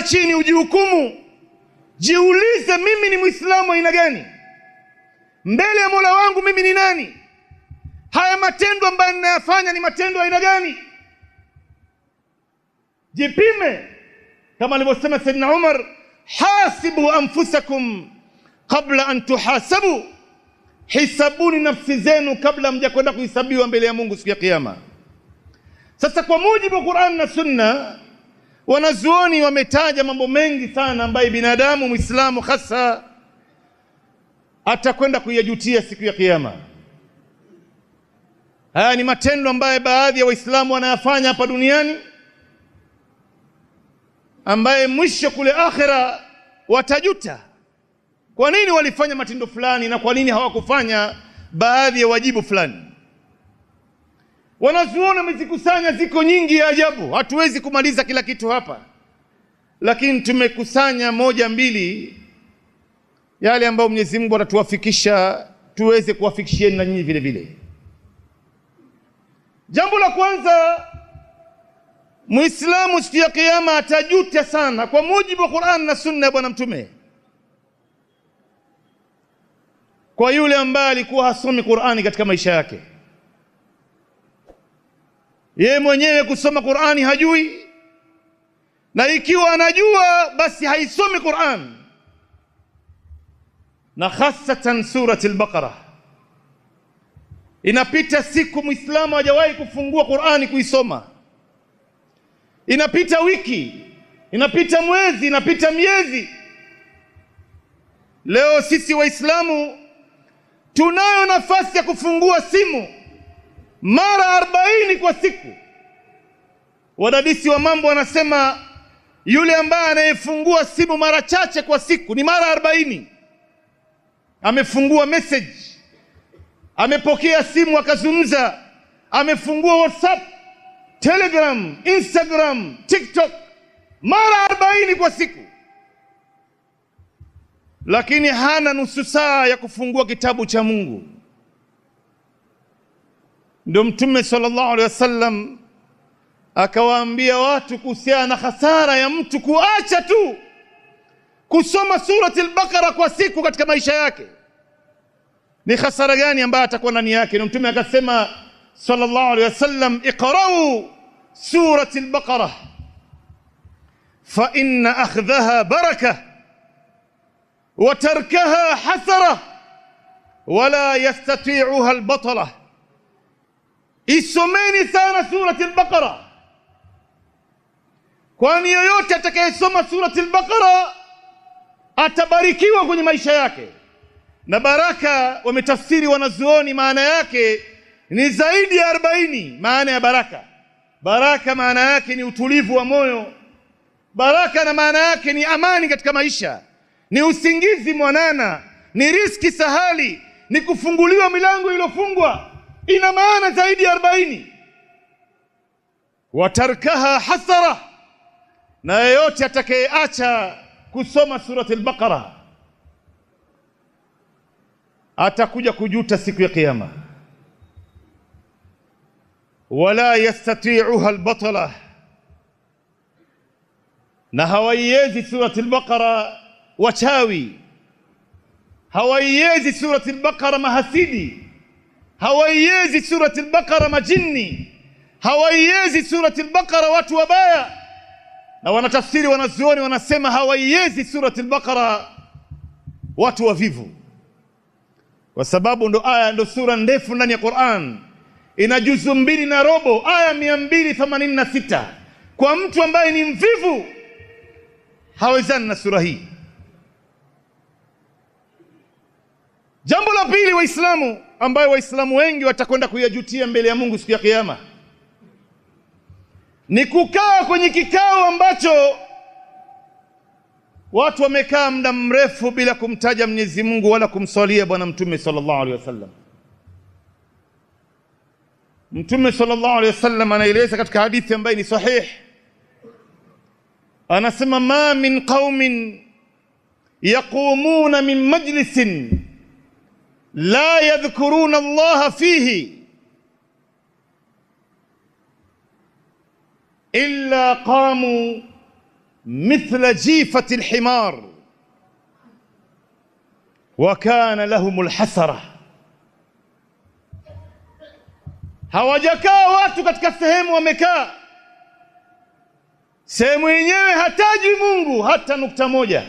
kaa chini ujihukumu, jiulize, mimi ni mwislamu aina gani? Mbele ya mola wangu mimi ni nani? Haya matendo ambayo ninayafanya ni matendo aina gani? Jipime kama alivyosema Saidina Umar, hasibu anfusakum qabla an tuhasabu, hisabuni nafsi zenu kabla mjakwenda kuhisabiwa mbele ya Mungu siku ya Kiyama. Sasa kwa mujibu wa Qur'an na Sunna Wanazuoni wametaja mambo mengi sana ambayo binadamu Muislamu hasa atakwenda kuyajutia siku ya Kiyama. Haya ni matendo ambayo baadhi ya Waislamu wanayafanya hapa duniani, ambaye mwisho kule akhera watajuta kwa nini walifanya matendo fulani na kwa nini hawakufanya baadhi ya wajibu fulani. Wanazuoni wamezikusanya ziko nyingi ya ajabu, hatuwezi kumaliza kila kitu hapa, lakini tumekusanya moja mbili yale ambayo Mwenyezi Mungu atatuwafikisha tuweze kuwafikishieni na nyinyi vile vile. Jambo la kwanza, Muislamu siku ya Kiyama atajuta sana kwa mujibu wa Qur'an na Sunna ya Bwana Mtume, kwa yule ambaye alikuwa hasomi Qur'ani katika maisha yake yeye mwenyewe kusoma Qur'ani hajui, na ikiwa anajua basi haisomi Qur'an, na hasatan surati al-Baqara. Inapita siku Muislamu hajawahi kufungua Qur'ani kuisoma, inapita wiki, inapita mwezi, inapita miezi. Leo sisi Waislamu tunayo nafasi ya kufungua simu mara arobaini kwa siku. Wadadisi wa mambo wanasema yule ambaye anayefungua simu mara chache kwa siku ni mara arobaini, amefungua message, amepokea simu akazungumza, amefungua WhatsApp, Telegram, Instagram, TikTok mara arobaini kwa siku, lakini hana nusu saa ya kufungua kitabu cha Mungu. Ndio Mtume sallallahu alaihi wasallam akawaambia watu kuhusiana na hasara ya mtu kuacha tu kusoma surati al-Baqara kwa siku katika maisha yake, ni hasara gani ambayo atakuwa ndani yake? Ndio Mtume akasema sallallahu alaihi wasallam, iqra'u surati al-Baqara fa inna akhdhaha baraka wa tarkaha hasara wala yastati'uha al-batala Isomeni sana surati al-Baqara, kwani yoyote atakayesoma surati al-Baqara atabarikiwa kwenye maisha yake. Na baraka wametafsiri wanazuoni, maana yake ni zaidi ya arobaini. Maana ya baraka, baraka maana yake ni utulivu wa moyo. Baraka na maana yake ni amani katika maisha, ni usingizi mwanana, ni riski sahali, ni kufunguliwa milango iliyofungwa ina maana zaidi ya arobaini. Watarkaha hasara, na yeyote atakayeacha kusoma surati al-Baqara atakuja kujuta siku ya Kiyama. Wala yastati'uha al-batala, na hawaiwezi surati al-Baqara wachawi, hawaiwezi surati al-Baqara mahasidi hawaiezi surati al-Baqara majini, hawaiezi surati al-Baqara watu wabaya. Na wanatafsiri wanazuoni wanasema hawaiezi surati al-Baqara watu wavivu, kwa sababu ndo aya ndo sura ndefu ndani ya Qur'an, ina juzu mbili na robo, aya 286. Kwa mtu ambaye ni mvivu hawezani na sura hii. Jambo la pili, Waislamu ambayo Waislamu wengi watakwenda kuyajutia mbele ya Mungu siku ya Kiyama ni kukaa kwenye kikao ambacho watu wamekaa muda mrefu bila kumtaja Mwenyezi Mungu wala kumswalia Bwana Mtume sallallahu alaihi wasallam. Mtume sallallahu alaihi wasallam anaeleza katika hadithi ambayo ni sahih, anasema ma min qaumin yaqumuna min majlisin لا يذكرون الله فيه الا قاموا مثل جيفه الحمار وكان لهم الحسره hawajakaa watu katika sehemu wamekaa sehemu yenyewe hatajwi mungu hata nukta moja